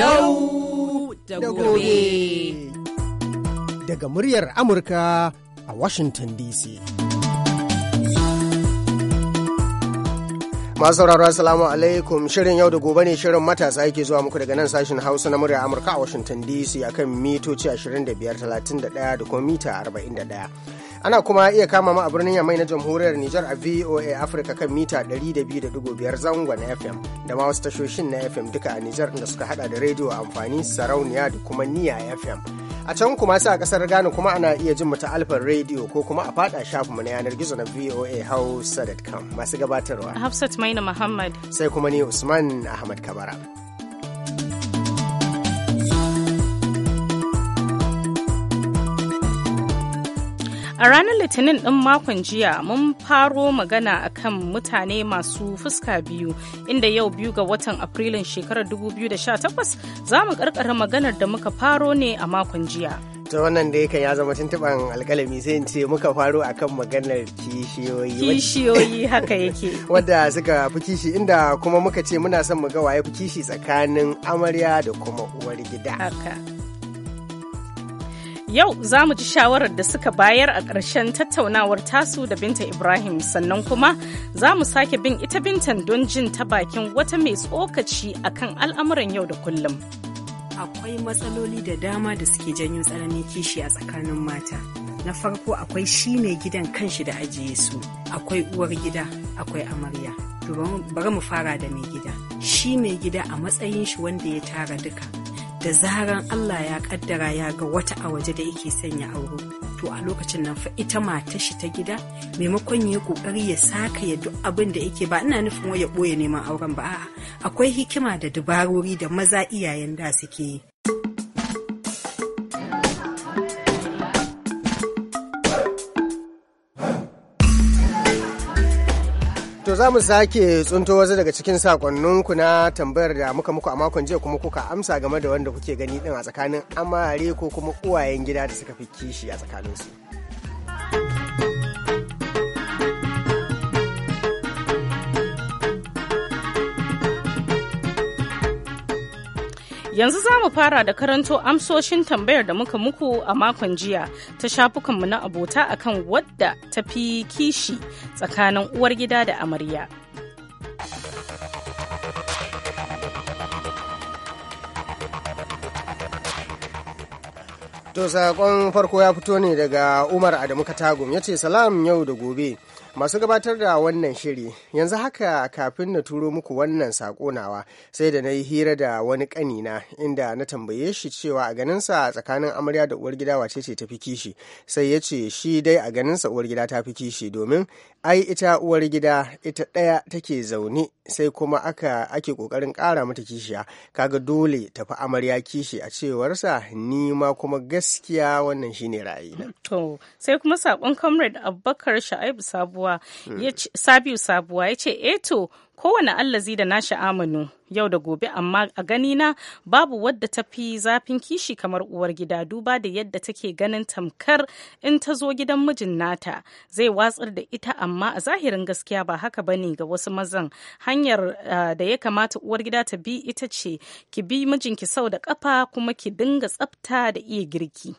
Yau da gobe. Daga muryar Amurka a Washington DC. Masu sauraro Assalamu alaikum shirin yau da gobe ne shirin matasa yake zuwa muku daga nan sashen Hausa na murya Amurka a Washington DC akan mitoci 25, 31 da kuma mita 41. Ana kuma iya kama mu a birnin Yamai na Jamhuriyar Nijar a VOA Africa kan mita 102.5 zangon FM da ma wasu tashoshin na FM duka a Nijar da suka hada da rediyo amfani sarauniya da kuma niya FM. A can kuma sai a kasar Ghana kuma ana iya jin mu Alfar rediyo ko kuma a fada shafin mu na yanar gizo na VOA Hausa.com masu gabatarwa. Hafsat Maina Muhammad. Sai kuma ni Usman Ahmad Kabara. A ranar Litinin ɗin makon jiya mun faro magana a kan mutane masu fuska biyu inda yau biyu ga watan Afrilun shekarar 2018 za mu karkara maganar da muka faro ne a makon jiya. ta wannan da yakan ya zama tuntuɓan alƙalami sai in ce muka faro akan maganar kishiyoyi kishiyoyi haka yake wadda suka fi kishi inda kuma muka ce muna son mu ga waye fi kishi tsakanin amarya da kuma uwar gida haka Yau za mu ji shawarar da suka bayar a ƙarshen tattaunawar tasu da Binta Ibrahim sannan kuma za mu sake bin ita Bintan don jin ta bakin wata mai tsokaci kan al'amuran yau da kullum. Akwai matsaloli da dama da suke janyo tsananin kishi a tsakanin mata. Na farko akwai shi mai gidan kanshi da ajiye su, akwai uwar gida, akwai amarya. bari mu fara da mai gida. Shi mai gida a matsayin shi wanda ya tara duka. da zaran Allah ya kaddara ya ga wata a waje da yake sanya aure to a lokacin nan fa ita matar shi ta gida maimakon ya kokari ya saka ya duk abin da yake ba ina nufin ya boye neman auren ba a'a akwai hikima da dabarori da maza iyayen da suke yi za mu sake tsunto wasu daga cikin sakonninku na tambayar da muka muku a makon jiya kuma kuka amsa game da wanda kuke gani din a tsakanin amare ko kuma uwayen gida da suka fi kishi a tsakanin su. Yanzu za mu fara da karanto amsoshin tambayar da muka muku a makon jiya ta shafukanmu na abota akan wadda ta fi kishi tsakanin uwar gida da amarya. To saƙon farko ya fito ne daga Umar Adamu Katagum ya ce salam yau da gobe. masu gabatar da wannan shiri yanzu haka kafin na turo muku wannan saƙonawa sai da na yi hira da wani ƙanina inda na tambaye shi cewa a ganinsa tsakanin amarya da uwar gida wace ce ta fi kishi sai ya ce shi dai a ganinsa uwar gida ta fi kishi domin ai ita uwar gida ita ɗaya take zaune sai kuma aka ake kokarin kara mata kishiya kaga dole tafi amarya kishi a cewarsa ni ma kuma gaskiya wannan shine ra'ayina to sai kuma sakon comrade abubakar sha'ib sabuwa hmm. sabiu sabuwa ya ce eto eh kowane allazi da nashi amanu yau da gobe amma a ganina babu wadda ta fi zafin kishi kamar uwar gida duba da yadda take ganin tamkar in ta zo gidan mijin nata zai watsar da ita amma a zahirin gaskiya ba haka bane ga wasu mazan hanyar eh, da ya kamata uwar gida ta bi ita ce ki bi mijinki sau da kafa kuma ki dinga tsafta da iya girki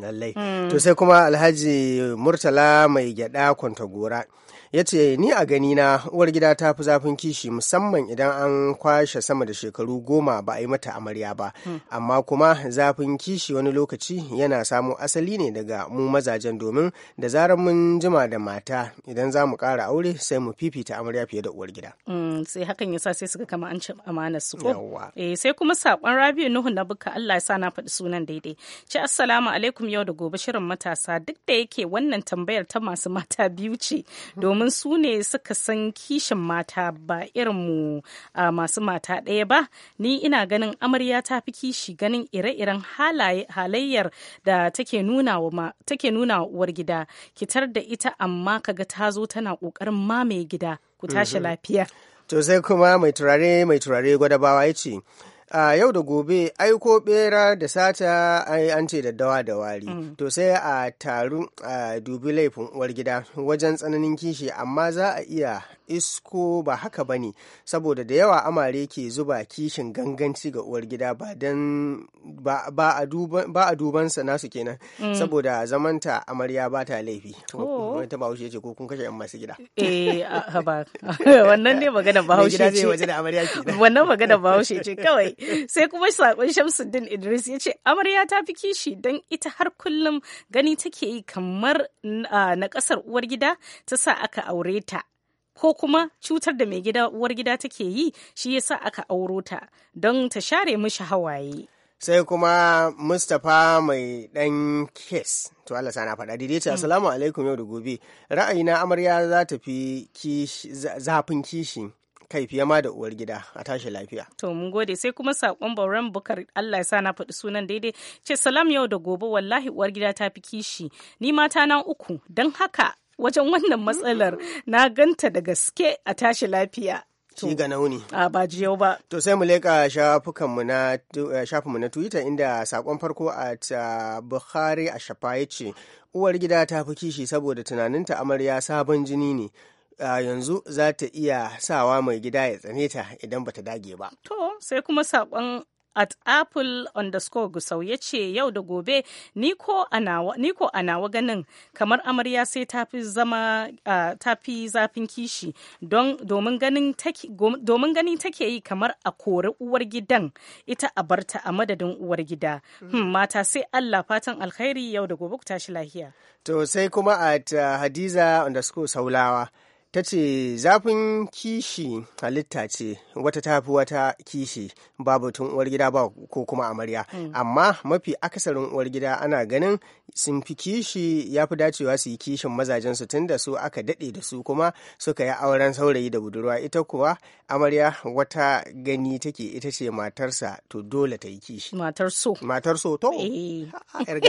lallai to hmm. sai kuma alhaji murtala mai gyada gora ya ce ni a gani na uwar gida ta fi zafin kishi musamman idan an kwashe sama da shekaru goma ba a yi mata amarya ba hmm. amma kuma zafin kishi wani lokaci yana samo asali ne daga mu mazajen domin da zarar mun jima da mata idan za mu kara aure sai mu fifita amarya fiye da uwar gida hmm, sai hakan yasa sai suka kama an ci amanar su ko eh, sai kuma saƙon rabiu nuhu na bukka Allah ya sa na faɗi sunan daidai ci assalamu alaikum yau da gobe shirin matasa duk da yake wannan tambayar ta masu mata biyu ce domin su ne suka san kishin mata ba irin mu masu mata ɗaya ba ni ina ganin amarya ta fi kishi ganin ire-iren halayyar da take nuna wa uwar gida kitar da ita amma kaga ta zo tana ƙoƙarin mamaye gida ku tashi mhm. lafiya. To kuma mai turare mai turare gwadabawa ya ce, a yau da gobe aiko bera da sata an ce dawa da wari mm. to sai a taru a dubi laifin uwar gida wajen tsananin kishi amma za a iya isko ba haka ba ne saboda da yawa amare ke zuba kishin ganganci ga uwar gida ba don ba a dubansa nasu kenan mm. saboda zamanta amarya ba ta laifi oh. ta bahaushe ce ko kun kashe yan masu gida eh ba wannan ne magana bahaushe ce waje da amarya ke wannan magana bahaushe ce kawai sai kuma sakon Shamsuddin Idris ya ce amarya ta fi kishi don ita har kullum gani take yi kamar na kasar uwar gida ta sa aka aure ta ko kuma cutar da mai gida uwar gida take yi shi yasa aka auro ta don ta share mishi hawaye sai kuma mustapha mai ɗan kes to Allah sana faɗa daidai hmm. assalamu alaikum yau da gobe ra'ayina amarya za ta fi zafin kishi kai fiye ma da uwar gida a tashi lafiya to mun gode sai kuma sakon bauran bukar Allah ya na faɗi sunan daidai ce salam yau da gobe wallahi uwar gida ta fi kishi ni mata na uku don haka wajen wannan matsalar na ganta da gaske a tashi lafiya shi ga nauni a ba jiyau ba to sai mu leka na eh, shafin Twitter inda sakon farko a ta ah, Bukhari a shafa ce uwar gida ta fi kishi saboda tunaninta amarya sabon jini ne a ah, yanzu za ta iya sawa mai gida ya tsane ta idan ba ta dage ba. To sai kuma saƙon at apple underscore gusau ya ce yau da gobe ni ko a nawa ganin kamar amarya sai ta fi ta zafin kishi domin ganin take yi kamar a kori uwar gidan ita a barta a madadin uwar gida mm. hmm, mata sai allah fatan alkhairi yau da gobe ku tashi lahiya to sai kuma at uh, hadiza underscore saulawa ta ce zafin kishi halitta ce wata tafi wata kishi ba batun uwar gida ba ko kuma amarya hmm. amma mafi akasarin uwar gida ana ganin sun fi kishi ya fi dacewa su yi kishin mazajen su tun da su aka daɗe da su kuma suka yi auren saurayi da budurwa ita kuwa amarya wata gani take ita ce matarsa to dole ta yi kishi matar so matar so to eh.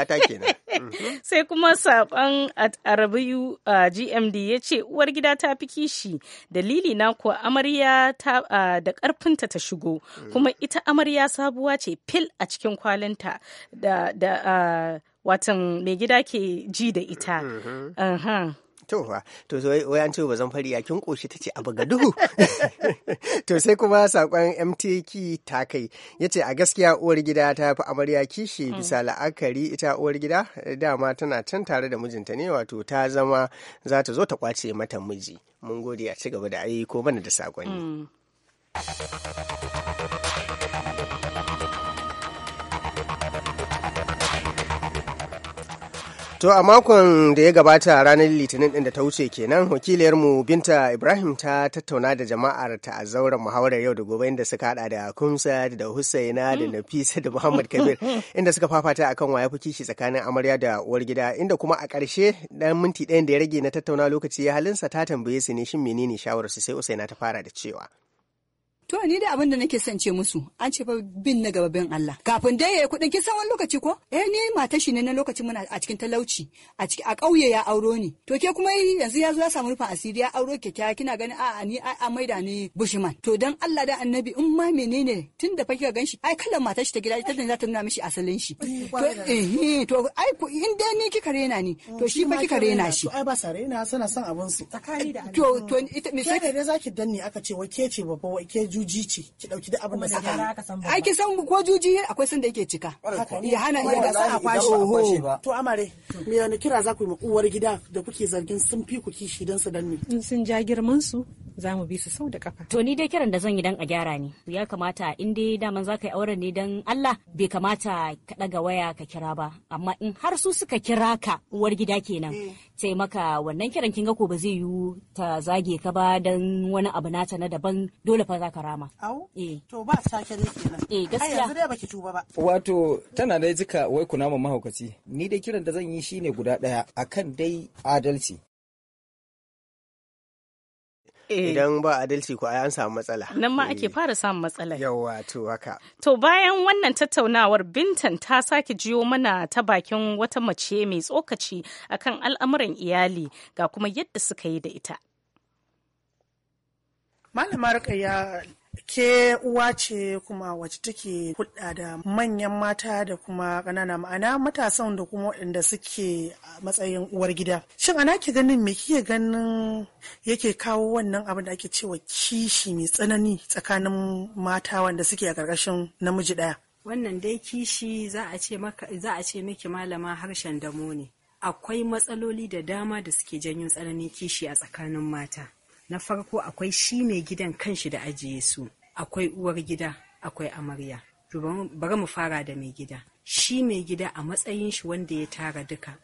ta kenan mhm. sai kuma saban a gmd ya ce uwar gida ta ta fi kishi dalili na kuwa amarya ta da karfinta ta shigo mm. kuma ita amarya sabuwa ce fil a cikin kwalinta da watan mai gida ke ji da ita. Mm-hmm. to fa to so wai ce ba zan fari yakin koshi ta ce abu ga duhu to sai kuma sakon mtk ta kai ya ce a gaskiya uwar gida ta fi amarya kishi mm. bisa la'akari ita uwar gida dama tana can tare da mijinta ne wato ta zama za ta zo ta kwace mata miji mun gode a ci gaba da ayi ko mana da sakonni. Mm. To a makon da ya gabata ranar litinin din da ta wuce kenan wakiliyarmu Binta Ibrahim ta tattauna da jama'ar ta a zauren muhawarar yau da gobe inda suka hada da Kumsa da Husaina da mm. Nafisa da Muhammad Kabir inda suka fafata akan waya fuki shi tsakanin amarya da uwar gida inda kuma a ƙarshe dan minti ɗayan da ya rage na tattauna lokaci ya halinsa ta tambaye su ne shin menene shawararsu, sai Husaina ta fara da cewa. To ni da abin da nake son ce musu an ce fa bin na gaba bin Allah. Kafin dai yayi kuɗin kisan wani lokaci ko? Eh ni mata shi ne na lokacin muna a cikin talauci a cikin a ƙauye ya auro ni. To ke kuma yanzu ya zo ya samu rufin asiri ya auro kyakkyawa kina ganin a ni a maida ni Bushman." To dan Allah da annabi in ma menene tun da fa kika ganshi ai kallon mata shi ta gida ita za ta nuna mishi asalin shi. To eh to ai in dai ni kika rena ni mm, to shi fa kika rena shi. Ai ba sa rena sana son abin su. Tsakani da To to ita me sai da zaki danni aka ce wa ke ce babba wa ke juji ce ki dauki duk abin da saka ai ki san ko juji akwai sanda da yake cika ya hana ya ga a kwashi to amare me ne kira za ku yi uwar gida da kuke zargin sun fi ku kishi dan su danne in sun ja girman su za mu bi su sau da kafa to ni dai kiran da zan yi dan a gyara ne ya kamata in dai daman za ka yi auren ne dan Allah bai kamata ka daga waya ka kira ba amma in har su suka kira ka uwar gida kenan eh. sai maka wannan kiran kin ga ko ba zai yiwu ta zage ka ba dan wani abu na ta na daban dole fa za ka yara Au? Eh. To ba a sake ne kenan. Eh gaskiya. Ai yanzu dai baki tuba ba. Wato tana dai jika wai kuna ma mahaukaci. Ni dai kiran da zan yi shine guda ɗaya akan dai adalci. Eh. idan ba adalci ko an samu matsala. Nan ma eh. ake fara samun matsala. Yawwa to haka. To bayan wannan tattaunawar Bintan ta sake jiyo mana ta bakin wata mace mai tsokaci akan al'amuran iyali ga kuma yadda suka yi da ita. Malama Rukayya Ke uwa ce kuma wacce take hulɗa da manyan mata da kuma ƙanana ma'ana matasan da kuma waɗanda suke a matsayin uwar gida. Shin ana ke ganin me kike ganin yake kawo wannan abin da ake cewa kishi mai tsanani tsakanin mata wanda suke a ƙarƙashin namiji ɗaya? Wannan dai kishi za a ce miki malama harshen damo ne. Akwai matsaloli da dama da suke janyo tsananin kishi a tsakanin mata. na farko akwai shi mai gidan kanshi da ajiye su akwai uwar gida akwai amarya to bari mu fara da mai gida shi mai gida a matsayin shi wanda ya tara duka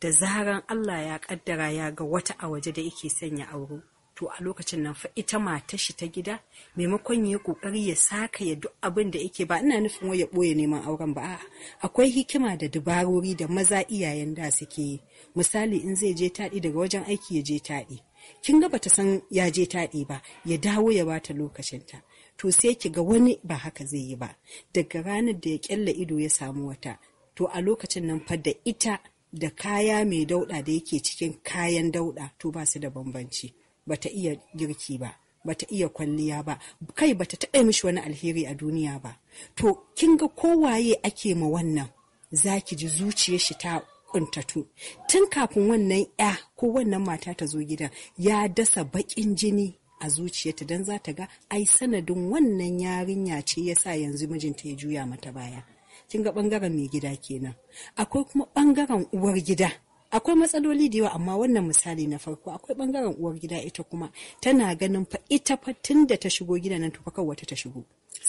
da zaran Allah ya kaddara ya ga wata a waje da yake sanya auro to a lokacin nan fa ita matar shi ta gida maimakon ya kokari ya saka ya duk abin da yake ba ina nufin waya ya boye neman auren ba a'a akwai hikima da dabarori da maza iyayen da suke yi misali in zai je taɗi daga wajen aiki ya je taɗi kin ga bata san ya je taɗi ba ya dawo ya bata lokacinta to sai ki ga wani ba haka zai yi ba daga ranar da ya kyalla ido ya samu wata to a lokacin nan fa da ita da kaya mai dauɗa da yake cikin kayan dauɗa to ba su da bambanci bata iya girki ba bata iya kwalliya ba kai bata taɓa mishi wani alheri a duniya ba to kin ga kowaye ake ma wannan zaki ji zuciyar shi ta kuntatu tun kafin wannan ya ko wannan mata ta zo gidan ya dasa baƙin jini a zuciyarta don za ta ga ai sanadin wannan yarinya ce ya sa yanzu mijinta ya juya mata baya kin ga bangaren mai gida kenan akwai kuma bangaren uwar gida akwai matsaloli da yawa amma wannan misali na farko akwai bangaren uwar gida ita kuma tana ganin fa ita fa tun da ta shigo gida nan to fa wata ta shigo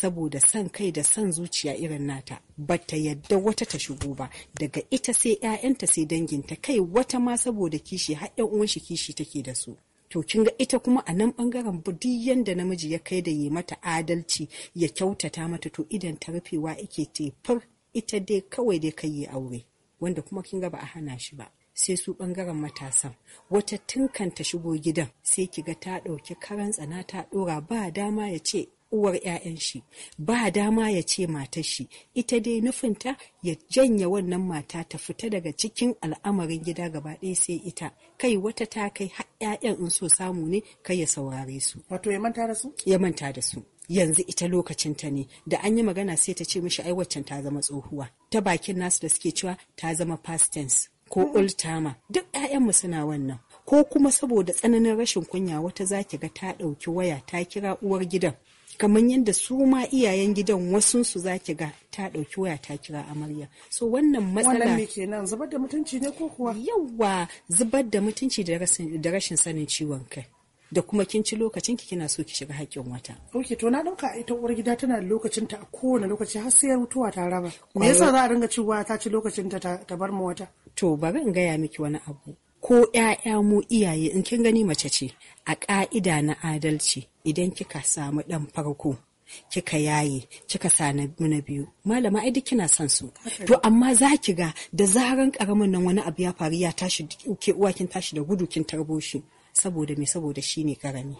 saboda san kai da san zuciya irin nata bata yadda wata ta shigo ba daga ita sai 'ya'yanta sai danginta kai wata ma saboda kishi har 'yan uwan shi kishi take da su to kin ga ita kuma a nan bangaren budi yanda namiji ya kai da yi mata adalci ya kyautata mata to idan ta rufewa ike tefur ita dai kawai dai kai yi aure wanda kuma kin ga ba a hana shi ba sai su bangaren matasan wata tunkanta shigo gidan sai ki ga ta ɗauki karan tsana ta ɗora ba dama ya ce uwar 'ya'yan shi ba dama ya ce matar shi ita dai nufinta ya janya wannan mata ta fita daga cikin al'amarin gida gaba ɗaya sai ita kai wata ta kai har 'ya'yan in so samu ne kai ya saurare su wato ya manta da su ya manta da su yanzu ita lokacinta ne da an yi magana sai ta ce mishi ai waccan ta zama tsohuwa ta bakin nasu da suke cewa ta zama past tense ko old timer duk mu suna wannan ko kuma saboda tsananin rashin kunya wata zaki ga ta ɗauki waya ta kira uwar gidan kamar yadda su ma iyayen gidan wasunsu za ki ga ta ɗauki waya ta kira amarya so wannan matsala wannan nan zubar da mutunci ne ko kuwa yawa zubar da mutunci da rashin sanin ciwon kai da kuma kin ci lokacin ki kina so ki shiga haƙƙin wata. Okay, to na ɗauka ita uwar gida tana da lokacin ta a kowane lokaci har sai mutuwa ta raba. Me yasa za a dinga cewa ta ci lokacin ta ta bar mu wata? To bari in gaya miki wani abu. ko ‘ya'ya mu iyaye in kin gani mace ce a ƙa'ida na adalci idan kika samu ɗan farko kika yaye kika sa na biyu malama ai duk kina son su to amma za ki ga da zaran karamin nan wani abu ya faru ya tashi ke uwa kin tashi da gudu kin tarbo shi saboda me saboda shine karami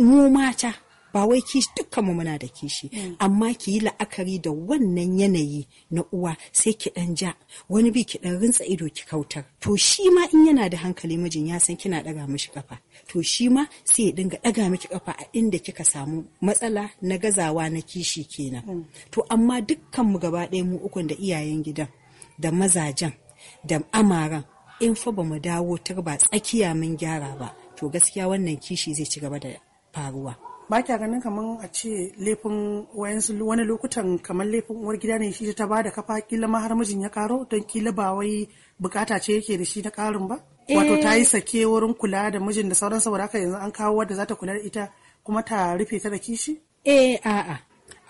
mu mata ba wai kishi dukkan mu muna da kishi mm. amma ki yi la'akari da wannan yanayi na uwa sai ki dan ja wani bi ki dan rintsa ido ki kautar to shi ma in yana da hankali mijin ya san kina daga mishi kafa to shi ma sai ya dinga daga miki kafa a inda kika samu matsala na gazawa na kishi kenan mm. to amma dukkan mu gaba ɗaya mu ukun da iyayen gidan da mazajen da amaran in fa ba mu dawo ba tsakiya mun gyara ba to gaskiya wannan kishi zai ci gaba da faruwa ba ta ganin kamar a ce laifin wayansu wani lokutan kamar laifin uwar gida ne shi ta bada kafa kila ma har mijin ya karo don kila ba wai bukata ce yake da shi na karin ba eh. wato ta yi sake wurin kula da mijin da sauran saboda haka yanzu an kawo wadda za ta kula da ita kuma ta rufe ta da kishi eh a'a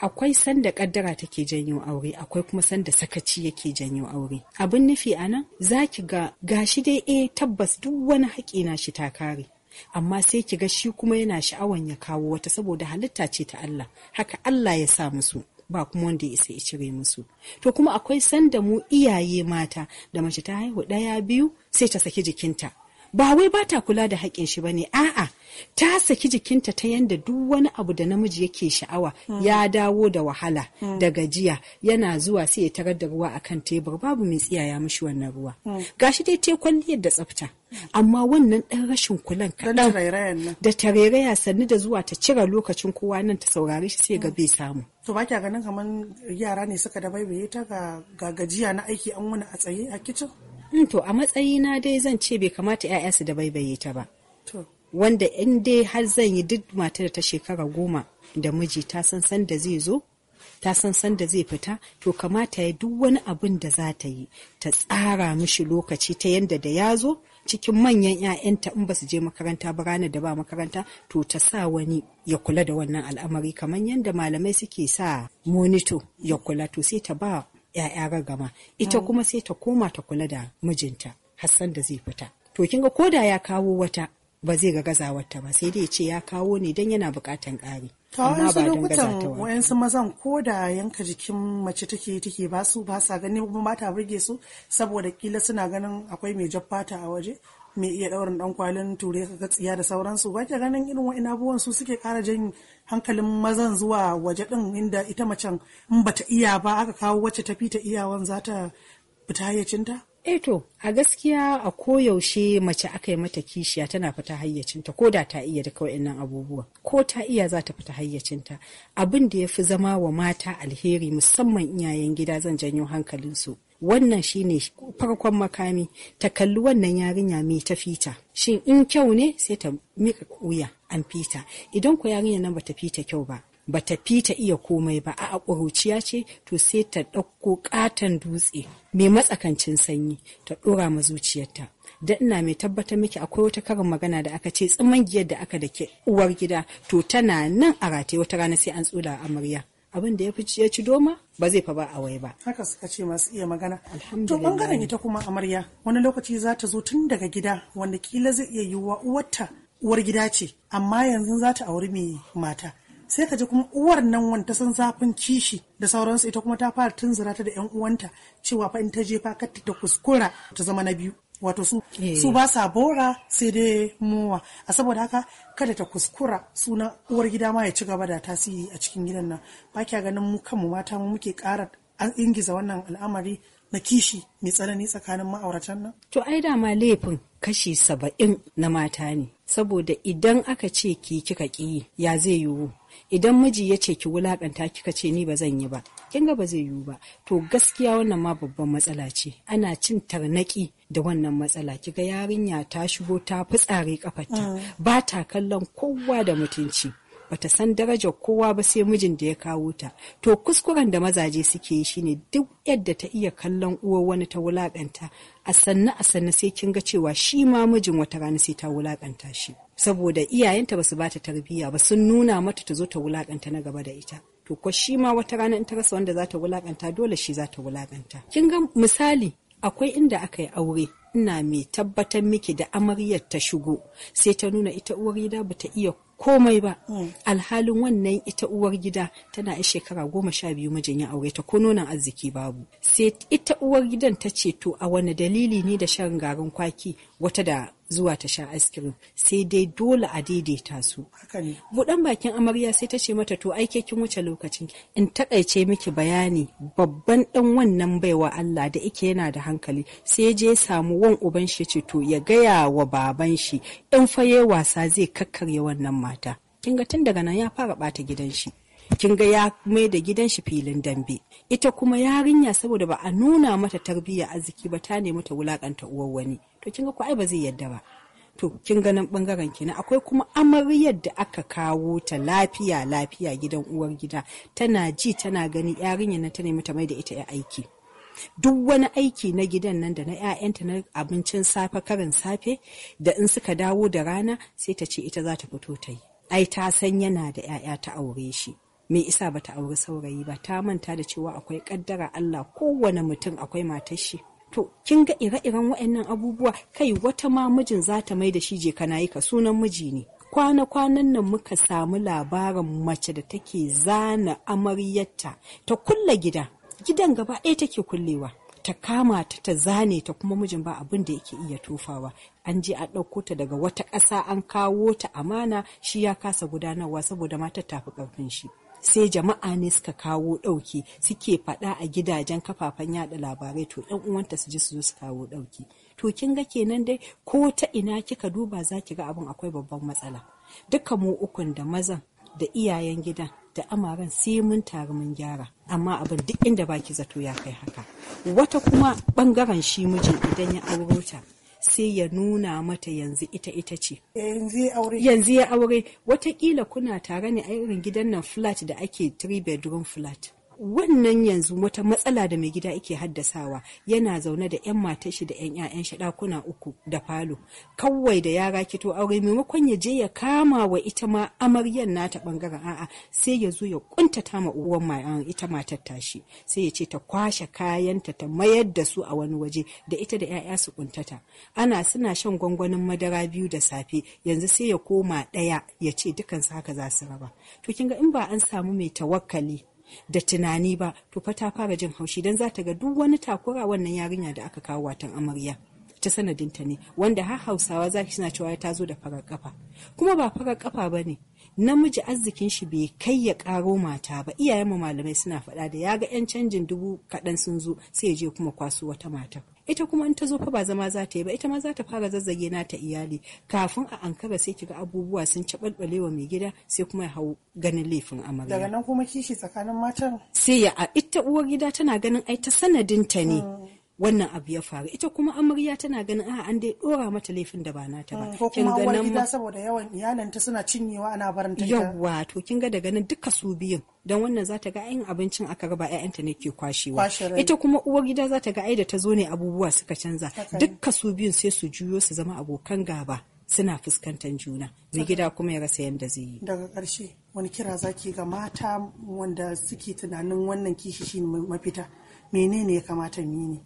akwai sanda kaddara take janyo aure akwai kuma sanda sakaci yake janyo aure abin nufi anan zaki ga gashi dai eh tabbas duk wani haƙi na shi ta kare amma sai ki ga shi kuma yana sha'awan ya kawo wata saboda halitta ce ta Allah haka Allah ya sa musu ba kuma wanda ya isa ya cire musu to kuma akwai sanda mu iyaye mata da mace ta haihu ɗaya biyu sai ta saki jikinta ba wai ba ta kula da haƙin shi bane a'a ta saki jikinta ta yanda duk wani abu da namiji yake sha'awa ya dawo da wahala da gajiya yana zuwa sai ya tarar da ruwa akan tebur babu mai tsiyaya mishi wannan ruwa gashi dai te kwalliyar da tsafta amma wannan ɗan rashin kulan kaɗan da tarairaya sannu da zuwa ta cire lokacin kowa nan ta saurari shi sai ga bai samu to ba ganin kamar yara ne suka da baibaye ta ga gajiya na aiki an wani a tsaye a kicin Mm, to a matsayi na dai zan ce bai kamata 'ya'ya su da baibaye ta ba wanda in dai har zan yi duk matar ta shekara goma da miji ta san san da zai zo ta san san da zai fita to kamata ya duk wani abin da za ta yi ta tsara mishi lokaci ta yanda da ya zo cikin manyan 'ya'yanta in ba su je makaranta ba ranar da ba makaranta to ta sa wani ya kula da wannan al'amari kamar yanda malamai suke sa monito ya kula to sai ta ba 'ya'ya ragama ita kuma sai ta koma ta kula da mijinta hassan da zai fita to kinga ko da ya kawo wata ba zai ga wata ba sai dai ce ya kawo ne don yana bukatan ƙari amma ba lokutan wayansu mazan ko da yanka jikin mace take take ba su ba sa ganin ba ta burge su saboda kila suna ganin akwai mai jaffata a waje mai iya ɗaurin ɗan kwalin ture ka tsiya da sauransu ba ke ganin irin wa'in abubuwan su suke kara jan hankalin mazan zuwa waje ɗin inda ita macen in bata iya ba aka kawo wacce tafi ta iyawan za ta fita hayyacinta? Eh to, a gaskiya a koyaushe mace aka yi mata kishiya tana fita hayyacinta ko da ta iya da kawai nan abubuwan. Ko ta iya za ta fita hayyacinta. Abin da ya fi zama wa mata alheri musamman iyayen gida zan janyo hankalinsu. wannan shine farkon makami ta kalli wannan yarinya mai ta fita shin in kyau ne sai ta mika wuya an fita idan ku yarinya nan bata fita kyau ba bata fita iya komai ba a ƙuruciya ce to sai ta ɗauko ƙaton dutse mai matsakancin sanyi ta ɗora ma zuciyarta da ina mai tabbatar miki akwai wata karin magana da aka ce giyar da aka da ke uwar gida to tana nan a rataye wata rana sai an tsola amarya abin da ya fi ci doma ba zai fa ba a wai ba. Haka suka ce masu iya magana. To bangaren ita kuma amarya wani lokaci za ta zo tun daga gida wanda kila zai iya yiwuwa uwarta uwar gida ce amma yanzu za ta auri mai mata. sai ka ji kuma uwar nan wani ta san zafin kishi da sauransu ita kuma ta fara tunzura ta da yan uwanta cewa fa in ta je fa ta kuskura ta zama na biyu wato su eh. su ba sa bora sai dai mowa a saboda haka kada ta kuskura suna uwar gida ma ya ci gaba da tasiri a cikin gidan nan ba kya ganin mu kanmu mata mu muke ƙara an ingiza wannan al'amari na kishi mai tsanani tsakanin ma'auratan nan? To ai da ma laifin kashi saba'in na mata ne, saboda idan aka ce ki kika ki ya zai yiwu idan miji ya ce ki wulakanta kika ce ni ba zan yi ba kin ga ba zai yiwu ba to gaskiya wannan ma babban matsala ce ana cin tarnaki da wannan matsala kiga yarinya ta shigo ta fitsare kafarta mm. ba ta kallon kowa da mutunci bata san darajar kowa ba sai mijin da ya kawo ta to kuskuren da mazaje suke yi shine duk yadda ta iya kallon uwar wani ta wulakanta a sanna a sanna sai kin ga cewa shi ma mijin wata rana sai ta wulakanta shi saboda iyayenta basu bata tarbiyya ba sun nuna mata ta zo ta wulakanta na gaba da ita to ko shi ma wata rana in ta rasa wanda za ta wulakanta dole shi za ta wulakanta kin ga misali akwai inda aka yi aure ina mai tabbatar miki da amaryar ta shigo sai ta nuna ita uwar gida bata iya komai ba mm. alhalin wannan ita uwar gida tana a shekara goma sha biyu mijin ya aure ta ko nonon arziki babu sai ita uwar gidan ta ce to a wani dalili ne da shan garin kwaki wata da zuwa ta sha askirim sai dai dole a daidaita su Budan bakin amarya sai ta ce mata to aike kin wuce lokacin in takaice miki bayani babban dan wannan baiwa Allah da ike yana da hankali sai je samu wan uban shi ce to ya gaya wa baban shi in fa faye wasa zai kakkarye wannan mata kin ga tun daga nan ya fara bata gidan shi kin ga ya mai da gidan shi filin dambe ita kuma yarinya saboda ba a nuna mata tarbiyya arziki ba ta nemi ta wulakanta uwar wani to kin ga ko ai ba zai yadda ba to kin ga nan bangaren kenan akwai kuma amaryar da aka kawo ta lafiya lafiya gidan uwar gida tana ji tana gani yarinya na ta nemi ta mai da ita ya aiki duk wani aiki na gidan nan da na 'ya'yanta na abincin safe karin safe da in suka dawo da rana sai ta ce ita za ta fito ta yi ai ta san yana da 'ya'ya ta aure shi me isa bata auri saurayi ba ta manta da cewa akwai kaddara Allah kowane mutum akwai matar shi to kin ga ire-iren waɗannan abubuwa kai wata ma mijin za ta mai da shi je kana yi ka sunan miji ne kwana-kwanan nan muka samu labarin mace da take zana amaryarta ta kulle gida gidan gaba ɗaya take kullewa ta kama ta ta zane ta kuma mijin ba abin da yake iya tofawa an je a ɗauko ta daga wata ƙasa an kawo ta amana shi ya kasa gudanarwa saboda matar tafi ƙarfin shi sai jama'a ne suka kawo ɗauki suke faɗa a gidajen kafafen yada labarai to ɗan uwanta su ji su zo su kawo ɗauki to kin ga kenan dai ko ta ina kika duba za ki ga abin akwai babban matsala Duka mu ukun da mazan da iyayen gidan da amaran sai mun taru mun gyara amma abin duk inda baki zato ya kai haka wata kuma bangaren shi mijin idan ya aurota. sai ya nuna mata yanzu ita ita ce yanzu ya aure wataƙila kuna tare ne a irin gidan nan flat da ake 3 bedroom flat wannan yanzu wata matsala da mai gida yake haddasawa yana zaune da 'yan matar shi da 'yan 'ya'yan shi ɗakuna uku da falo kawai da yara kito aure maimakon ya je ya kama wa ita ma amaryan nata bangaren a'a sai ya zo ya kuntata ma uwan ah, ita matar tashi sai ya ce ta kwashe kayanta ta mayar da su a wani waje da ita da 'ya'ya su kuntata ana suna shan gwangwanin madara biyu da safe yanzu sai ya koma ɗaya ya ce dukansu haka za su raba to kin ga in ba an samu mai tawakkali da tunani ba to fa ta fara jin haushi dan za ta ga duk wani takura wannan yarinya da aka kawo watan amarya ta sanadinta ne wanda har hausawa za suna cewa ta zo da farar kafa kuma ba farar kafa ba ne namiji arzikin shi bai kai ya karo mata ba iyayen malamai suna faɗa da ya ga yan canjin dubu kaɗan sun zo sai ya je kuma kwaso wata matar ita kuma in ta zo fa ba zama za ta yi ba ita ma za ta fara zazzage na ta iyali kafin a ankara sai kiga abubuwa sun caɓalɓale wa mai gida sai kuma ya hau ganin laifin amarya daga nan kuma kishi tsakanin matan sai ya a ita uwar gida tana ganin ai ta sanadin ta ne hmm. wannan abu ya faru ita kuma amarya tana ganin a an dai dora mata laifin da ba nata ba mm, ko kuma wani gida saboda yawan iyalanta suna cinyewa ana barin ta yawa to kin ga daga nan duka su biyun don wannan zata ga ayin abincin aka raba ta ne ke kwashewa ita kuma uwar gida zata ga ai da ta zo ne abubuwa suka canza duka su biyun sai su juyo su zama abokan gaba suna fuskantar juna mai gida kuma ya rasa yanda zai yi daga ƙarshe wani kira zaki ga mata wanda suke tunanin wannan kishi shi mafita menene ya kamata mini.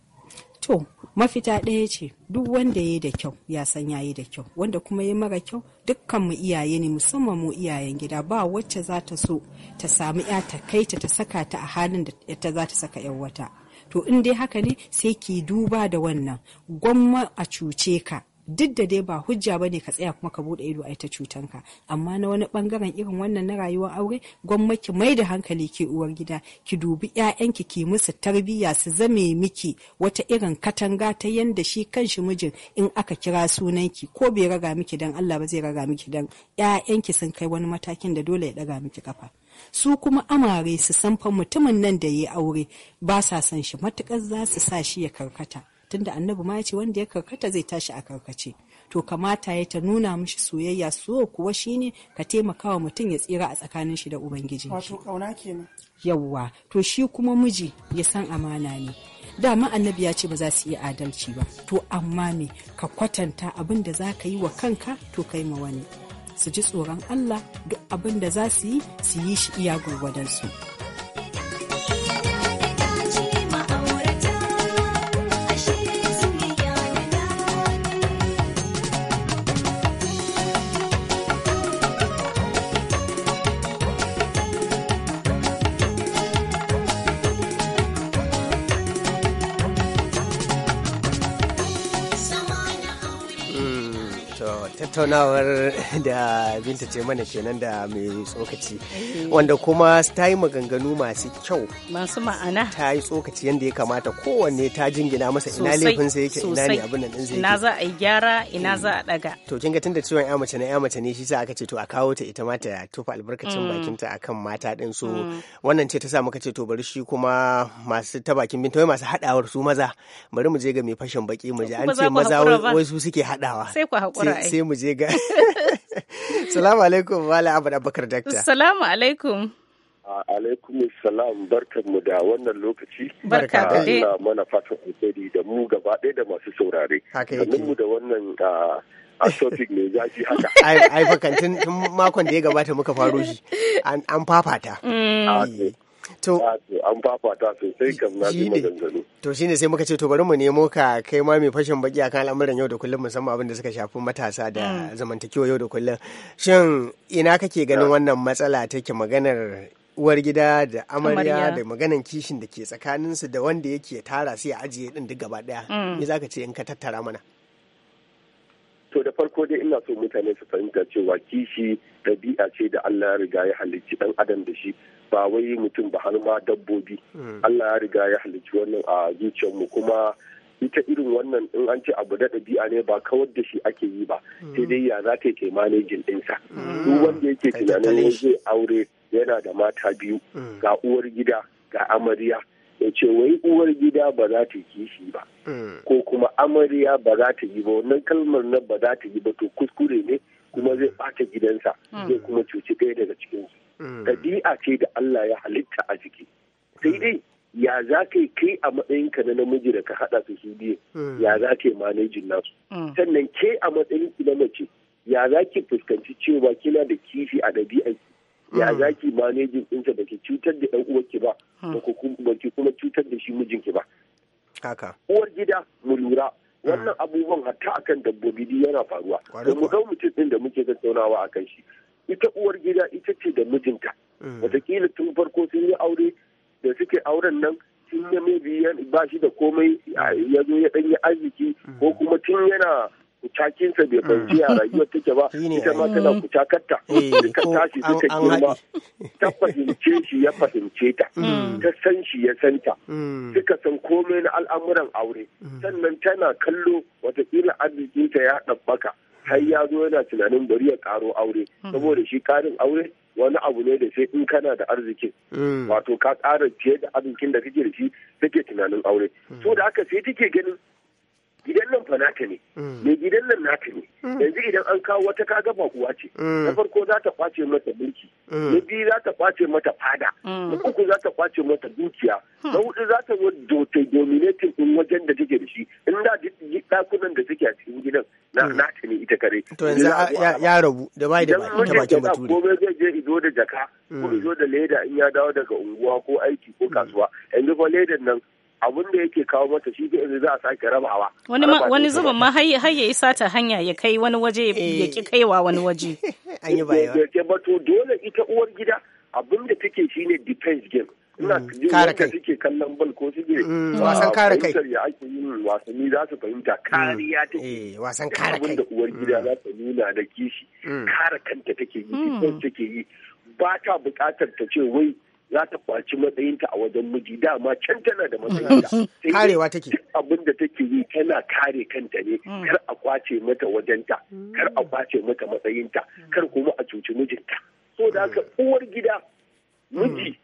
To, mafita ɗaya ce, duk wanda ya yi da kyau ya san ya yi da kyau, wanda kuma ya yi mara kyau dukkan mu iyaye ne musamman mu iyayen gida ba wacce za ta so ta samu ya ta kai ta ta saka ta a halin da ta za ta saka yan wata. To in dai haka ne sai ki duba da wannan, gwamma a cuce ka duk da dai ba hujja ba ne ka tsaya kuma ka bude ido a ita cutanka amma na wani bangaren irin wannan na rayuwar aure gwamnati mai da hankali ke uwar gida ki dubi ƴaƴanki ki musu tarbiyya su zame miki wata irin katanga ta yanda shi kanshi mijin in aka kira sunanki ko bai raga miki dan Allah ba zai raga miki dan ƴaƴanki sun kai wani matakin da dole ya daga miki kafa su kuma amare su san fa mutumin nan da yayi aure ba sa san shi matukar za su sa shi ya karkata tunda annabi ma yace wanda ya karkata zai tashi a karkace to kamata ya ta nuna mishi soyayya so kuwa shine ka taimaka wa mutum ya tsira a tsakanin shi da ubangiji wato kauna kenan yawwa to shi kuma miji ya san amana ne dama annabi ya ce ba za su yi adalci ba to amma me ka kwatanta abin da za ka yi wa kanka to kai ma wani su ji tsoron Allah duk abin da za su yi su yi shi iya gwargwadonsu. su tattaunawar da binta ce mana kenan da mai tsokaci wanda kuma ta yi maganganu masu kyau masu ma'ana ta yi tsokaci yadda ya kamata kowanne ta jingina masa ina laifin sai yake ina ne abin nan zai ina za a yi gyara ina za a daga to kin ga tunda ciwon ya mace na ya mace ne shi sa aka ce to a kawo ta ita ma ta tofa albarkacin mm. bakinta akan mata din so mm. wannan ce ta sa muka ce to bari shi kuma masu ta bakin binta wai masu hadawar su maza bari mu je ga mai fashin baki mu je an ce maza wai su suke hadawa sai ku hakura sai mu je je ga salamu alaikum malam abu abubakar dakta salamu alaikum alaikum salam barkan mu da wannan lokaci barka da dai mana fatan alheri da mu gaba ɗaya da masu saurare haka yake mu da wannan a ne mai zafi haka ai ai fakan tun makon da ya gabata muka faro shi an fafata mm. Ah, to an fafata sosai kam na ji maganganu. To shine sai muka ce to bari mu nemo ka kai ma mai fashin baki akan al'amuran yau da kullum musamman abin da suka shafi matasa da hmm. zamantakewa yau da kullum. Shin ina kake ganin ah. wannan matsala take maganar uwar gida da amarya da maganan kishin da ke tsakaninsu da wanda yake tara sai a ajiye din duk gaba daya. Hmm. Me zaka ce in ka tattara mana? to da farko dai ina so mutane su fahimta cewa kishi ɗabi'a ce da Allah ya riga ya halicci dan adam da shi ba wai mutum ba har ma dabbobi hmm. Allah ya riga ya halicci wannan a mu kuma ita irin wannan in an ce abu da ɗabi'a ne ba kawar da shi ake yi ba hmm. sai dai ya za ta yi manejin ɗinsa hmm. duk wanda yake tunanin zai aure yana da mata biyu ga uwar gida ga amarya ya ce wai uwar gida ba za ta kishi ba hmm. ko kuma amarya ba za ta yi ba wannan kalmar na ba za ta yi ba to kuskure ne kuma zai bata gidansa hmm. zai kuma cuci ɗaya daga cikin su hmm. ɗabi'a ce da Allah ya halitta a jiki sai dai ya za ka yi kai a matsayin ka na namiji da ka haɗa su su biyu ya za ka yi manejin nasu sannan ke a matsayin ki na mace ya za ki fuskanci cewa kina da kifi a ɗabi'ar ya mm. za ki manejin ɗinsa da ki cutar da ɗan uwarki ba mm. ba ki kuma cutar da shi mijinki ba uwar gida mu lura mm. wannan abubuwan hatta akan dabbobi duk yana faruwa da mu dau mutum ɗin da muke a kan shi ita uwar gida ita ce da mijinta wataƙila tun farko sun yi aure da suke auren nan sun yi maybe ba shi da komai ya zo ya ɗanyi arziki ko kuma tun yana kucakinsa bai fanci a mm. rayuwar take ba ita ma tana kucakarta eh, ka tashi ka girma ta fahimce shi ya fahimce ta mm. ta san shi ya santa. ta mm. suka san komai na al'amuran aure sannan tana kallo wata arzikin arzikinta ya ɗabbaka har ya zo yana tunanin bari ya karo aure saboda shi karin aure wani abu ne da sai in kana da arzikin wato ka ƙara fiye da arzikin da kake da shi take tunanin aure so da haka sai take ganin gidan nan fa naka ne me mm. gidan nan naka ne mm. yanzu idan an kawo wata kaga ba kuwa ce mm. na farko za ta kwace mata mulki na biyu za ta kwace mata fada na uku za ta kwace mata dukiya hmm. na hudu za ta ta dominating din wajen da take da shi in da dakunan da take a cikin gidan na naka ne ita kare to yanzu ya rabu da bai da ba ita bakin bature gobe zai je ido da jaka ko izo da leda in ya dawo daga unguwa ko aiki ko kasuwa yanzu fa ledan nan abin da yake kawo mata shi ke za a sake rabawa wani wani zuba ma har ya isa ta hanya ya kai wani waje ya eh. ki kaiwa wani waje an yi ba to dole ita uwar gida abin da take ne defense game ina mm. kare kai suke kallon bal ko mm. wasan kare kai ya ake wasanni za su fahimta kariya mm. ta eh, wasan kare kai da uwar gida za ta nuna da kishi kare kanta take yi take yi ba ta bukatar ta ce wai za ta kwaci matsayinta a wajen miji dama can tana da mm. matsayinta. Karewa take. Abin da take yi tana kare kanta ne mm. kar a kwace mata wajenta mm. kar a kwace mata matsayinta kar kuma a cuci mijinta. So da haka uwar gida miji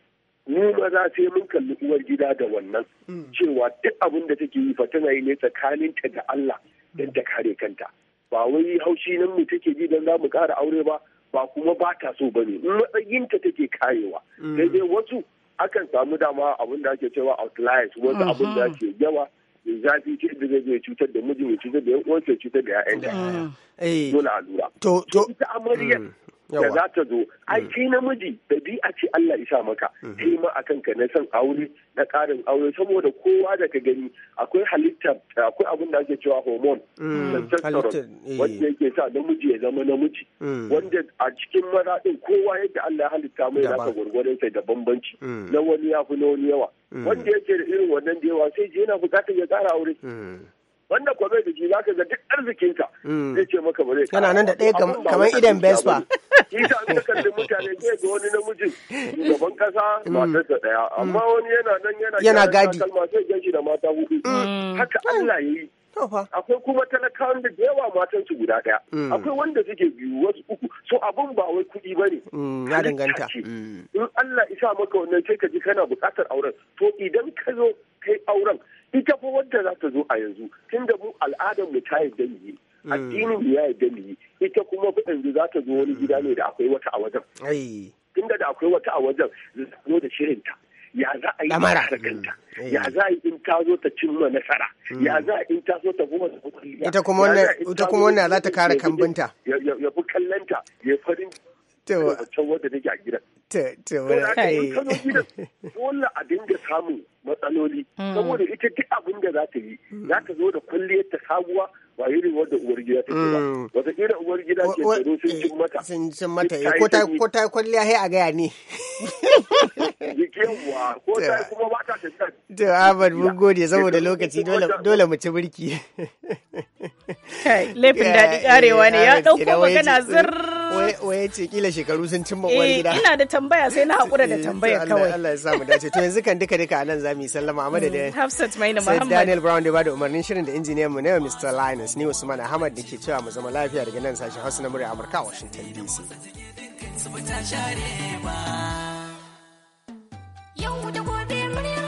mu maza sai mun kalli uwar gida da wannan cewa duk abin da take yi fa tana yi ne tsakaninta da Allah don ta kare kanta. Ba wai haushi nan mu take ji don za mu kara aure ba ba kuma ba ta so bane mm. matsayinta take kayewa mm. dai wasu akan samu dama abin da ake cewa outliers wasu abin da mm-hmm. ake yawa da zafi ce da zai cutar da miji mai cutar da ya cutar da ya'yan da mm. eh. dole a lura to to amaryar da za ta zo ai mm. kai namiji da bi a ce Allah isa maka mm-hmm. kai ma akan ka na san aure na karin aure saboda kowa da ka gani akwai halitta akwai abin da ake cewa hormone mm, testosterone eh. wanda yake sa namiji ya zama namiji mm. wanda a cikin maza din kowa yadda Allah ya halitta mai ka gurgurin sai da bambanci na wani ya fi na wani yawa wanda yake da irin wannan da yawa sai je yana bukatar ya kara aure wanda ko bai da shi zaka ga duk arzikinka hmm. zai ce maka ba zai kana nan da ɗaya kamar idan Vespa ta an kalli mutane zai ga wani namiji gaban kasa hmm. matar da ɗaya amma hmm. wani yana nan yana yana gadi kalma sai gaji da mata hudu haka Allah yayi Akwai kuma talakawan da da yawa matan su guda ɗaya. Mm. Akwai wanda suke biyu wasu uku. So abun ba wai kuɗi ba ne. Mm, ya danganta. Mm. In Allah isa maka wannan sai ka ji kana buƙatar auren. To idan ka zo kai auren ita fa wanda za ta zo a yanzu tun da mu al'adar mu ta yarda mu Addinin mu ya yarda ne Ita kuma yanzu za ta zo wani gida ne da akwai wata a wajen. Tunda da akwai wata a wajen zo da shirinta. ya za a yi kanta mm. ya za a yi in ta zo ta cin ma nasara mm. ya za a yi in ta zo ta goma da ita kuma wannan za ta kare kambinta ya fi kallanta ya farin to Tewa. wanda nake a gidan to to dole a dinga samun matsaloli mm. saboda ita duk abin da za ta yi mm. za ta zo da kwalliyar ta sabuwa ba uwar gida ta ba mm. wata irin uwar gida ke tsaro sun cin mata sun cin mata ko ta ko ta sai a gaya ne yawa ko ta kuma ba ta to mu ci birki laifin daɗi waye ce kila shekaru sun cimma uwar eh, gida ina da tambaya sai na haƙura da eh, tambaya kawai Allah ya sa mu dace to yanzu kan duka duka anan mu yi sallama amma da dai Hafsat Maina Muhammad sai Daniel Brown da ba da umarnin shirin da injiniyan mu ne Mr. Linus ni Usman Ahmad dake cewa mu zama lafiya daga nan sashen Hausa na murya Amurka a Washington DC Yau da gobe murya